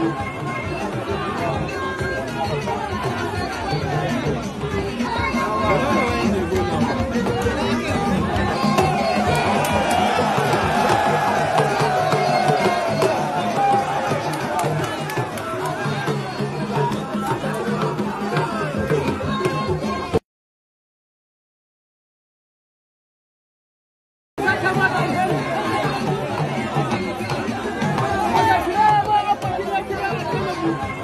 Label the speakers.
Speaker 1: Come on, come on, c o e on. Thank you.